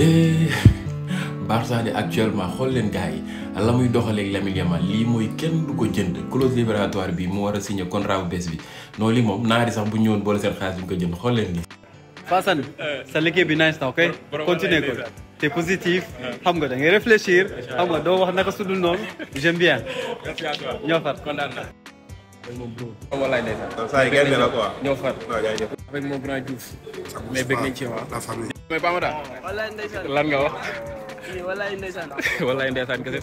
Eh, Barça de actuellement xool leen gars yi la muy dox doxaleeg la Yamal lii mooy kenn du ko jënd clause libératoire bi mu war a signé contrat bu bees bi noonu lii moom naari sax bu ñëwoon boole seen xaalis duñ ko jënd xool leen lii. Eh, eh. sa liggéey bi nice na ok continue ko te positif xam nga da ngay réfléchir xam nga doo wax naka su noonu j'aime ñoo far na. walaay ndeysaan. saa yi gerte la quoi ñoo far. avec mon grand Diouf. mais mais Bamara lan nga wax. walaay ndeysaan. walaay ndeysaan kese.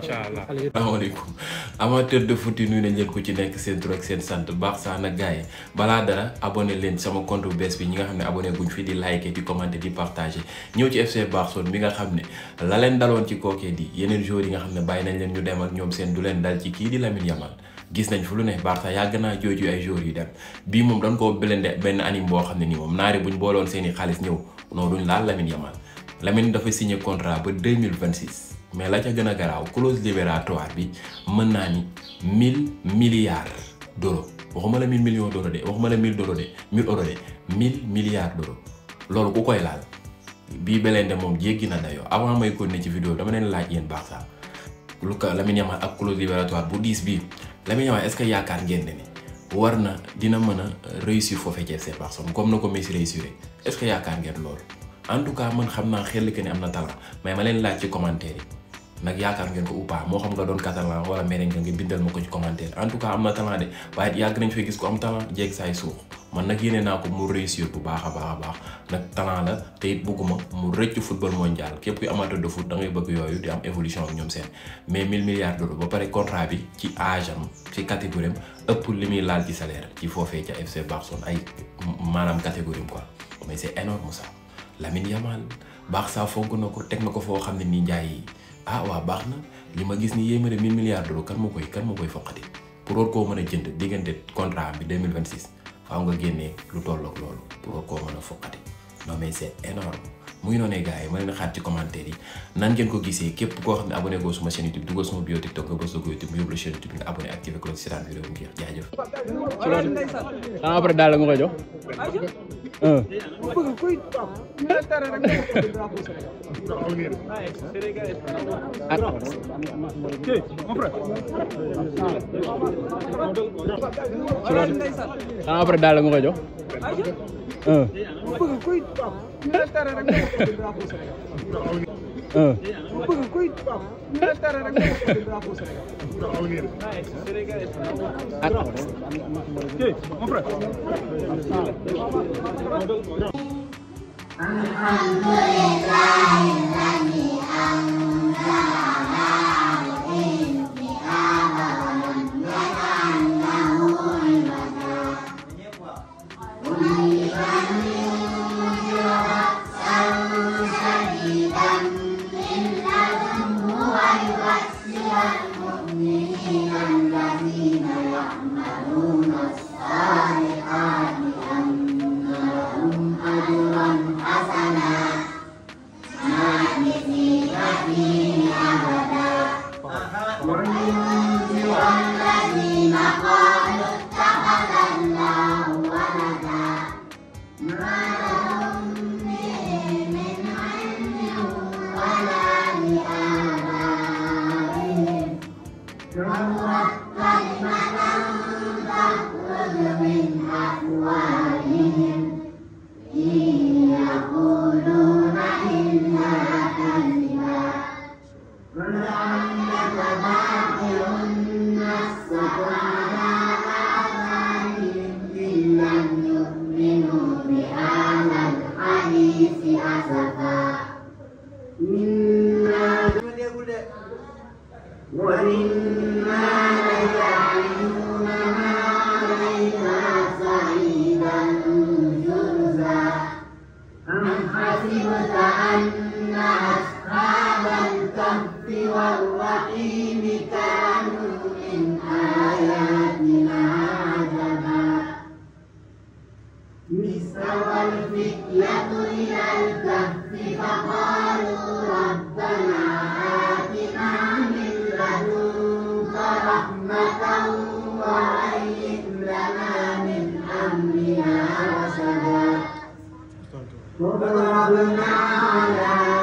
asalaamaaleykum amateur de foot yi nuyu nañ leen ci nekk seen tur ak seen sant baax sax nag gars yi balaa dara abonné leen sama compte bu bees bi ñi nga xam ne abonné guñ fi di liker di commenter di partager ñëw ci FC Barcelone mi nga xam ne la leen daloon ci kookee di yeneen joueurs yi nga xam ne bàyyi nañ leen ñu dem ak ñoom seen du leen dal ci kii di Lamine Yamal. gis nañ fu lu ne Barça yàgg naa jooju ay joueurs yu dem bii moom dañ koo blende benn anime boo xam ne nii moom naari buñ booloon seen i xaalis ñëw noonu duñ laal Lamine Yamal Lamine dafa signé contrat ba 2026 mais la ca gën a garaaw clause libératoire bi mën naa ni 1000 milliards d'euros waxuma la 1000 millions d'euros de waxuma la 1000 d'euros de 1000 euros de 1000 milliards d'euros loolu ku koy laal bii belende moom jéggi na dayoo avant may continuer ci vidéo dama leen laaj yéen Barça lu ko Lamine Yamal ak clause libératoire bu bii Lamine a est-ce que yaakaar ngeen ne ni war na dina mën a euh, réussir foofee ci FC Barcelone comme na ko Messi réussir est yaakaar ngeen loolu en tout xam naa xel que ni am na talent mais ma leen laaj ci commentaire yi nag yaakaar ngeen ko ou moo xam nga doon catalan wala merengue nga bindal ma ko ci commentaire en am na talent de waaye yàgg nañ fay gis ko am talent jéeg saay suux man nag yéene naa ko mu réussir bu baax a baax a baax nag talent la tey it bëgguma mu rëcc football mondial képp kuy amateur de foot bëgg yooyu di am évolution bi ñoom seen mais 1000 milliards ba pare contrat bi ci âge am ci catégorie ëpp li muy laal ci salaire ci foofee ca FC Barcelone ay maanaam catégorie quoi mais c'est énorme ça Lamine Yamal baax saa foog na ko teg na ko foo xam ne nii njaay yi ah waa baax na li ma gis ni yéemale 1000 milliards d'euros kan moo koy kan moo koy foqati pour war koo mën a jënd diggante contrat bi faaw nga génnee lu tollook loolu pour koo mën a foqati non mais c'est énorme mu ngi noonee gars yi ma leen xaar ci commentaire yi nan ngeen ko gisee képp koo xam ne abonné goo suma chaîne YouTube dugal suma bio TikTok nga bës ko YouTube mu yóbbu la chaîne YouTube nga abonné activé cloche si daan vidéo mu jeex jaajëf. ci après daal la nga koy ah. xanaa après daal la nga koy jox. ah. Alhamdulillah. بل منن تخرج من أفواههم الحكمة إلى الكهف فقالوا ربنا آتنا من لدنك رحمة وهيئ لنا من أمرنا رشدا وضربنا على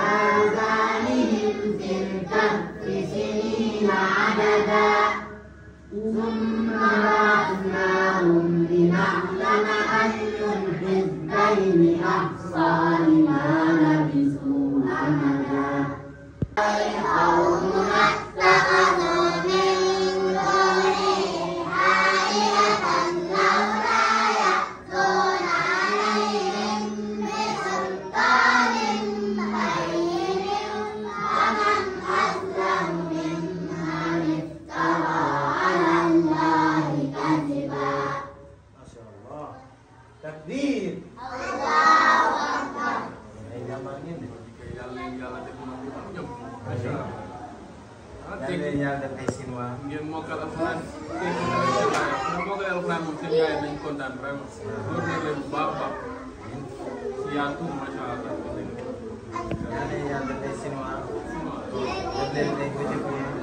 takbir Allahu akbar ay namangin yàlla yàlla def na ñu am ñëpp masha Allah yàlla yàlla def ay sinwa ngeen mokkal alxuraan ngeen mokkal alxuraan moom seen yaay dañ kontaan vraiment loolu nag leen bu baax baax si yaatu masha Allah yàlla yàlla def ay sinwa def leen ay bëccëg